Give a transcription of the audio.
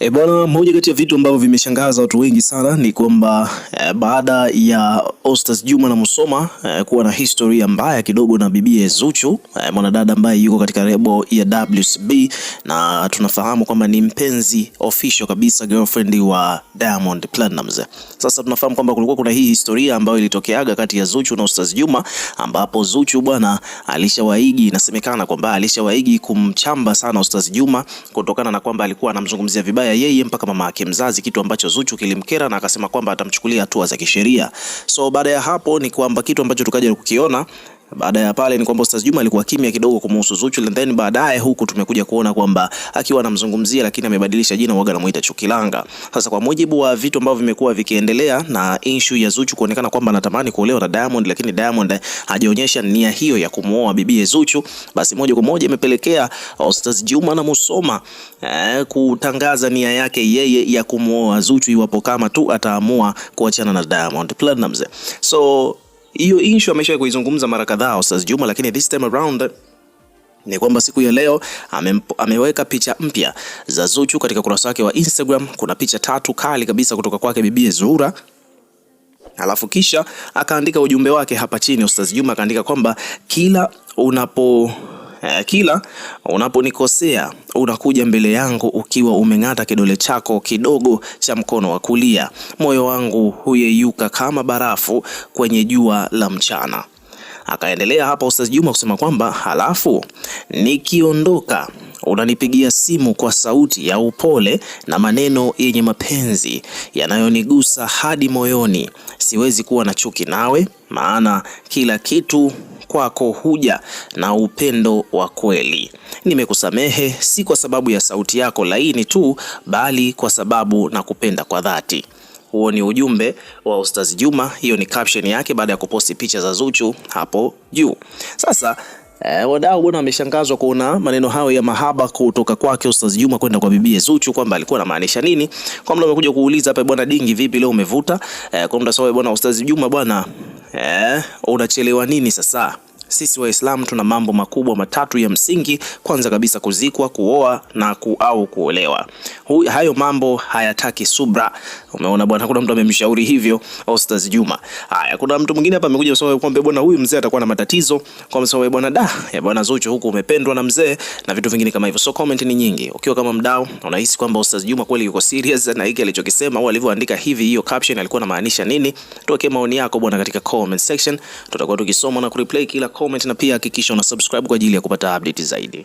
E bwana, moja kati ya vitu ambavyo vimeshangaza watu wengi sana ni kwamba e, baada ya Ostaz Juma na Musoma e, kuwa na historia mbaya kidogo na bibi Zuchu e, mwanadada ambaye yuko katika lebo ya WCB na tunafahamu kwamba ni mpenzi official kabisa girlfriend wa Diamond Platnumz. Sasa tunafahamu kwamba kulikuwa kuna hii historia ambayo ilitokeaga kati ya Zuchu na Ostaz Juma ambapo Zuchu bwana alishawaigi, inasemekana kwamba alishawaigi kumchamba sana Ostaz Juma kutokana na kwamba alikuwa anamzungumzia vibaya ya yeye mpaka mama yake mzazi, kitu ambacho Zuchu kilimkera na akasema kwamba atamchukulia hatua za kisheria. So baada ya hapo ni kwamba kitu ambacho tukaja kukiona baada ya pale ni kwamba Ustaz Juma alikuwa kimya kidogo kumhusu Zuchu, and then baadaye huku tumekuja kuona kwamba akiwa anamzungumzia lakini amebadilisha jina, waga anamuita Chukilanga. Sasa kwa mujibu wa vitu ambavyo vimekuwa vikiendelea na issue ya Zuchu kuonekana kwamba anatamani kuolewa na Diamond, lakini Diamond hajaonyesha nia hiyo ya kumuoa bibie Zuchu, basi moja kwa moja imepelekea Ustaz Juma na Musoma eh, kutangaza nia yake yeye ya kumuoa Zuchu iwapo kama tu ataamua kuachana na Diamond Platinumz. So hiyo issue amesha kuizungumza mara kadhaa Ostaz Juma, lakini this time around ni kwamba siku ya leo ame, ameweka picha mpya za Zuchu katika kurasa wake wa Instagram. Kuna picha tatu kali kabisa kutoka kwake bibi Zuhura, alafu kisha akaandika ujumbe wake hapa chini. ostas Juma akaandika kwamba kila unapo Eh, kila unaponikosea unakuja mbele yangu ukiwa umeng'ata kidole chako kidogo cha mkono wa kulia. Moyo wangu huyeyuka kama barafu kwenye jua la mchana. Akaendelea hapa Ustaz Juma kusema kwamba halafu nikiondoka unanipigia simu kwa sauti ya upole na maneno yenye mapenzi yanayonigusa hadi moyoni. Siwezi kuwa na chuki nawe, maana kila kitu kwako huja na upendo wa kweli. Nimekusamehe si kwa sababu ya sauti yako laini tu, bali kwa sababu na kupenda kwa dhati. Huo ni ujumbe wa Ustaz Juma. Hiyo ni caption yake baada ya kuposti picha za Zuchu hapo juu. Sasa eh, wadau bwana wameshangazwa kuona maneno hayo ya mahaba kutoka kwake Ustaz Juma kwenda kwa bibi Zuchu, kwamba alikuwa anamaanisha nini. Kwa mtu amekuja kuuliza hapa bwana Dingi, vipi leo umevuta? Eh, kwa mtu sawa bwana Ustaz Juma bwana, eh, unachelewa nini sasa? Sisi Waislamu tuna mambo makubwa matatu ya msingi, kwanza kabisa kuzikwa, kuoa na ku, au kuolewa. Hayo mambo hayataki subra. Umeona bwana, kuna mtu amemshauri hivyo Ostaz Juma. Haya, kuna mtu mwingine hapa amekuja kusema kwamba bwana, huyu mzee atakuwa na matatizo kwa sababu bwana, da ya bwana Zuchu huku umependwa na mzee na vitu vingine kama hivyo. So comment ni nyingi. Ukiwa kama mdau unahisi kwamba Ostaz Juma kweli yuko serious na hiki alichokisema au alivyoandika hivi, hiyo caption alikuwa anamaanisha nini? Tuweke maoni yako bwana katika comment section, tutakuwa tukisoma na kureply kila comment comment na pia hakikisha una subscribe kwa ajili ya kupata update zaidi.